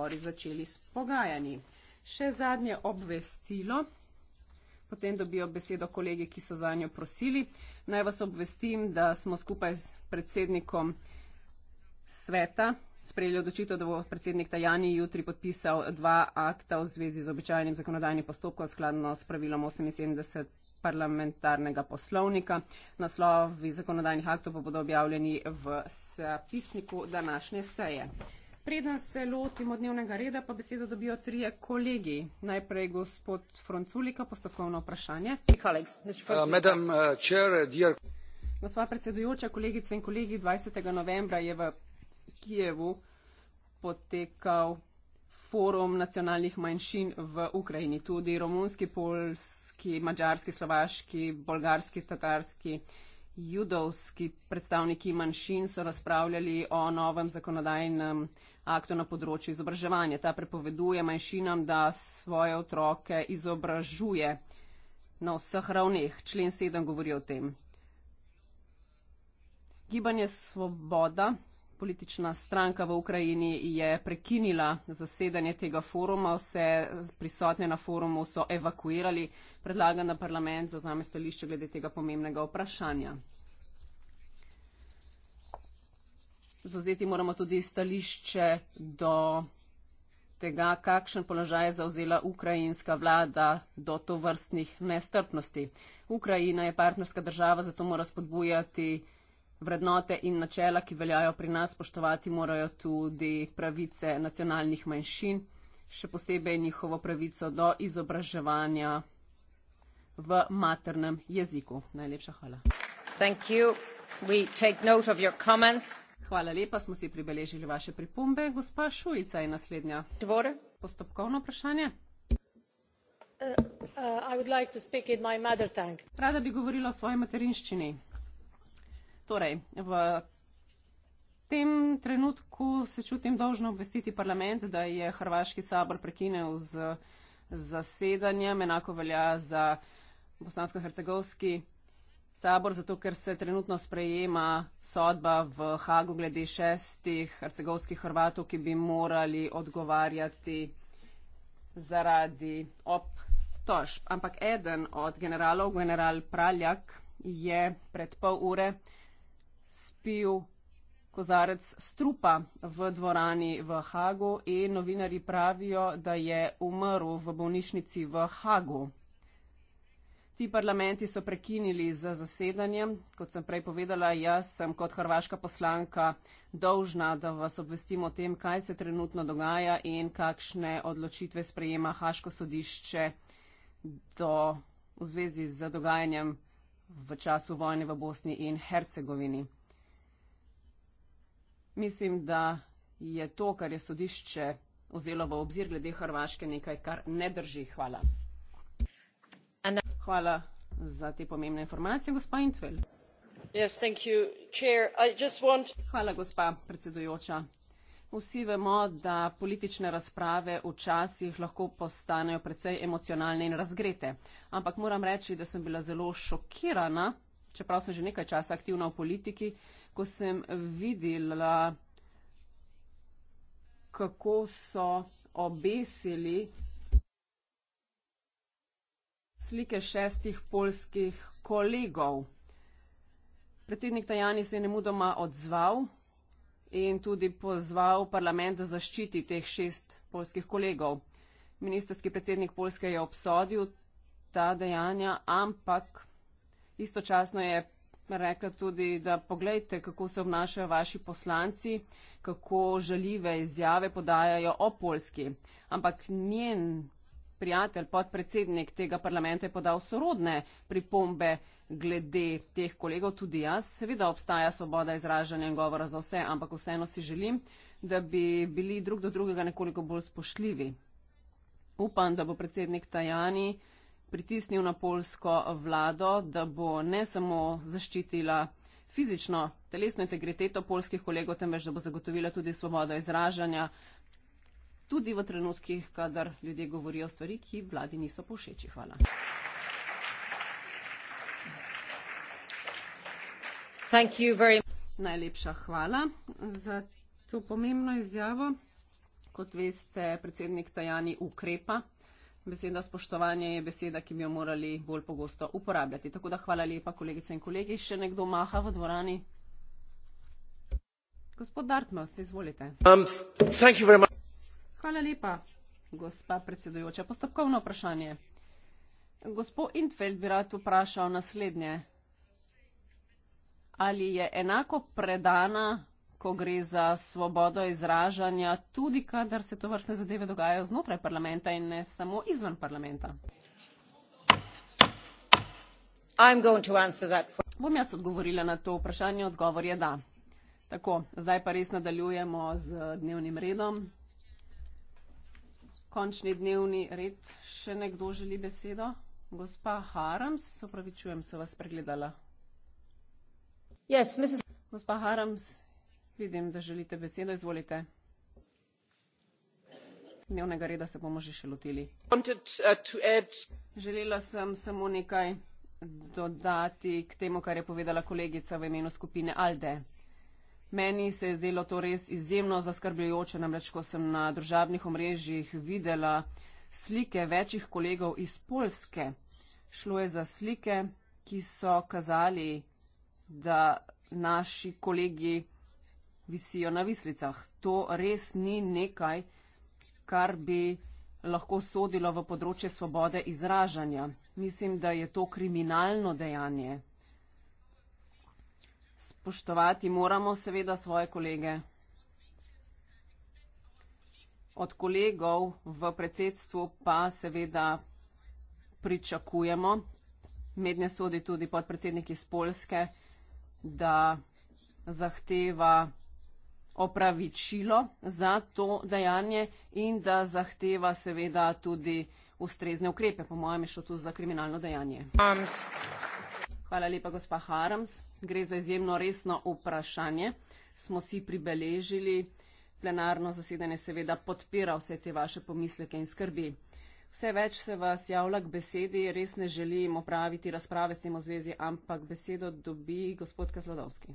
zbori začeli s pogajanji. Še zadnje obvestilo, potem dobijo besedo kolegi, ki so za njo prosili. Naj vas obvestim, da smo skupaj s predsednikom sveta sprejeli odločitev, da bo predsednik Tajani jutri podpisal dva akta v zvezi z običajnim zakonodajnim postopkom skladno s pravilom 78 parlamentarnega poslovnika. Naslovi zakonodajnih aktov pa bodo objavljeni v zapisniku današnje seje. Preden se lotimo dnevnega reda, pa besedo dobijo trije kolegi. Najprej gospod Fronculika, postopkovno vprašanje. Uh, uh, uh, Gospa predsedujoča, kolegice in kolegi, 20. novembra je v Kijevu potekal forum nacionalnih manjšin v Ukrajini. Tudi romunski, polski, mađarski, slovaški, bolgarski, tatarski judovski predstavniki manjšin so razpravljali o novem zakonodajnem aktu na področju izobraževanja. Ta prepoveduje manjšinam, da svoje otroke izobražuje na vseh ravneh. Člen 7 govori o tem. Gibanje Svoboda politična stranka v Ukrajini je prekinila zasedanje tega foruma, vse prisotne na forumu so evakuirali, predlaga na parlament za zame stališče glede tega pomembnega vprašanja. Zauzeti moramo tudi stališče do tega, kakšen položaj je zauzela ukrajinska vlada do to vrstnih nestrpnosti. Ukrajina je partnerska država, zato mora spodbujati vrednote in načela, ki veljajo pri nas, spoštovati morajo tudi pravice nacionalnih manjšin, še posebej njihovo pravico do izobraževanja v maternem jeziku. Najlepša hvala. Hvala lepa, smo si pribeležili vaše pripombe. Gospa Šujica je naslednja. Dvore. Postopkovno vprašanje. Uh, uh, Rada bi govorila o svoji materinščini. Torej, v tem trenutku se čutim dolžno obvestiti parlament, da je Hrvaški sabor prekinil z zasedanjem, enako velja za Bosansko-Hercegovski sabor, zato ker se trenutno sprejema sodba v Hagu glede šestih hercegovskih Hrvatov, ki bi morali odgovarjati zaradi obtožb. Ampak eden od generalov, general Praljak, je pred pol ure spil kozarec strupa v dvorani v Hagu in novinari pravijo, da je umrl v bolnišnici v Hagu. Ti parlamenti so prekinili z zasedanjem. Kot sem prej povedala, jaz sem kot hrvaška poslanka dolžna, da vas obvestim o tem, kaj se trenutno dogaja in kakšne odločitve sprejema Haško sodišče do, v zvezi z dogajanjem v času vojne v Bosni in Hercegovini. Mislim, da je to, kar je sodišče vzelo v obzir glede Hrvaške, nekaj, kar ne drži. Hvala. Hvala za te pomembne informacije, gospa Intvel. Yes, want... Hvala, gospa predsedujoča. Vsi vemo, da politične razprave včasih lahko postanejo precej emocionalne in razgrete. Ampak moram reči, da sem bila zelo šokirana čeprav sem že nekaj časa aktivna v politiki, ko sem videla, kako so obesili slike šestih polskih kolegov. Predsednik Tajani se je nemudoma odzval in tudi pozval parlament da zaščiti teh šest polskih kolegov. Ministerski predsednik Polske je obsodil ta dejanja, ampak Istočasno je rekla tudi, da pogledajte, kako se obnašajo vaši poslanci, kako žaljive izjave podajajo o Polski. Ampak njen prijatelj, podpredsednik tega parlamenta je podal sorodne pripombe glede teh kolegov, tudi jaz. Seveda obstaja svoboda izražanja in govora za vse, ampak vseeno si želim, da bi bili drug do drugega nekoliko bolj spošljivi. Upam, da bo predsednik Tajani pritisnil na polsko vlado, da bo ne samo zaščitila fizično telesno integriteto polskih kolegov, temveč da bo zagotovila tudi svobodo izražanja, tudi v trenutkih, kadar ljudje govorijo stvari, ki vladi niso povšeči. Hvala. Najlepša hvala za to pomembno izjavo. Kot veste, predsednik Tajani ukrepa. Beseda spoštovanje je beseda, ki bi jo morali bolj pogosto uporabljati. Tako da hvala lepa, kolegice in kolegi. Še nekdo maha v dvorani? Gospod Dartmouth, izvolite. Um, hvala lepa, gospa predsedujoča. Postopkovno vprašanje. Gospod Intfeld bi rad vprašal naslednje. Ali je enako predana ko gre za svobodo izražanja, tudi kadar se to vrstne zadeve dogajajo znotraj parlamenta in ne samo izven parlamenta? Bom jaz odgovorila na to vprašanje, odgovor je da. Tako, zdaj pa res nadaljujemo z dnevnim redom. Končni dnevni red, še nekdo želi besedo? Gospa Harams, se upravičujem, se vas pregledala. Yes, Mrs. Gospa Harams, Vidim, da želite besedo, izvolite. Dnevnega reda se bomo že še lotili. Uh, Želela sem samo nekaj dodati k temu, kar je povedala kolegica v imenu skupine Alde. Meni se je zdelo to res izjemno zaskrbljujoče, namreč ko sem na družabnih omrežjih videla slike večjih kolegov iz Polske. Šlo je za slike, ki so kazali, da naši kolegi visijo na vislicah. To res ni nekaj, kar bi lahko sodilo v področje svobode izražanja. Mislim, da je to kriminalno dejanje. Spoštovati moramo seveda svoje kolege. Od kolegov v predsedstvu pa seveda pričakujemo, mednje sodi tudi podpredsednik iz Polske, da zahteva opravičilo za to dejanje in da zahteva seveda tudi ustrezne ukrepe, po mojem šlo tu za kriminalno dejanje. Harms. Hvala lepa, gospa Harams. Gre za izjemno resno vprašanje. Smo si pribeležili, plenarno zasedanje seveda podpira vse te vaše pomisleke in skrbi. Vse več se vas javlja k besedi, res ne želim opraviti razprave s tem v zvezi, ampak besedo dobi gospod Kazlodovski.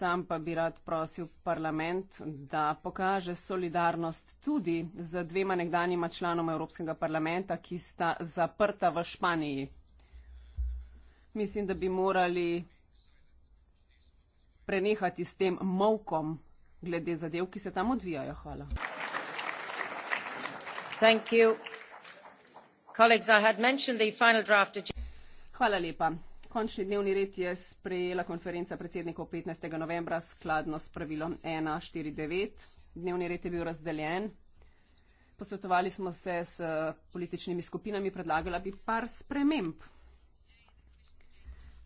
sam pa bi rad prosil parlament, da pokaže solidarnost tudi z dvema nekdanjima članoma Evropskega parlamenta, ki sta zaprta v Španiji. Mislim, da bi morali prenehati s tem mavkom glede zadev, ki se tam odvijajo. Hvala. Hvala lepa. Končni dnevni red je sprejela konferenca predsednikov 15. novembra skladno s pravilom 149. Dnevni red je bil razdeljen. Posvetovali smo se s političnimi skupinami, predlagala bi par sprememb.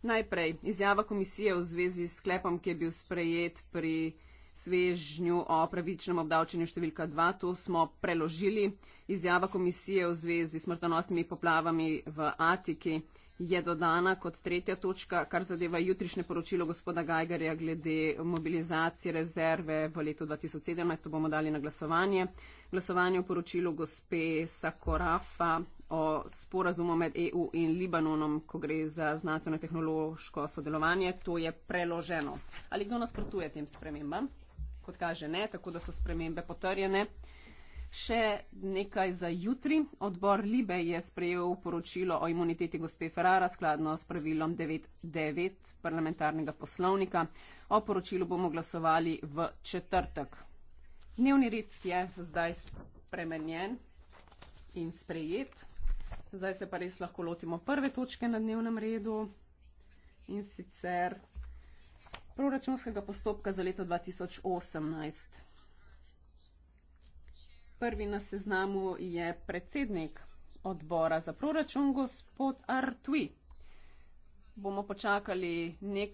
Najprej izjava komisije v zvezi s sklepom, ki je bil sprejet pri svežnju o pravičnem obdavčenju številka 2, to smo preložili. Izjava komisije v zvezi s smrtonosnimi poplavami v Atiki je dodana kot tretja točka, kar zadeva jutrišnje poročilo gospoda Geigerja glede mobilizacije rezerve v letu 2017. To bomo dali na glasovanje. Glasovanje o poročilu gospe Sakorafa o sporazumu med EU in Libanonom, ko gre za znanstveno-tehnološko sodelovanje, to je preloženo. Ali kdo nasprotuje tem spremembam? Kot kaže ne, tako da so spremembe potrjene. Še nekaj za jutri. Odbor Libe je sprejel poročilo o imuniteti gospe Ferrara skladno s pravilom 99 parlamentarnega poslovnika. O poročilu bomo glasovali v četrtek. Dnevni red je zdaj spremenjen in sprejet. Zdaj se pa res lahko lotimo prve točke na dnevnem redu in sicer proračunskega postopka za leto 2018. Prvi na seznamu je predsednik odbora za proračun, gospod Artui. Bomo počakali nek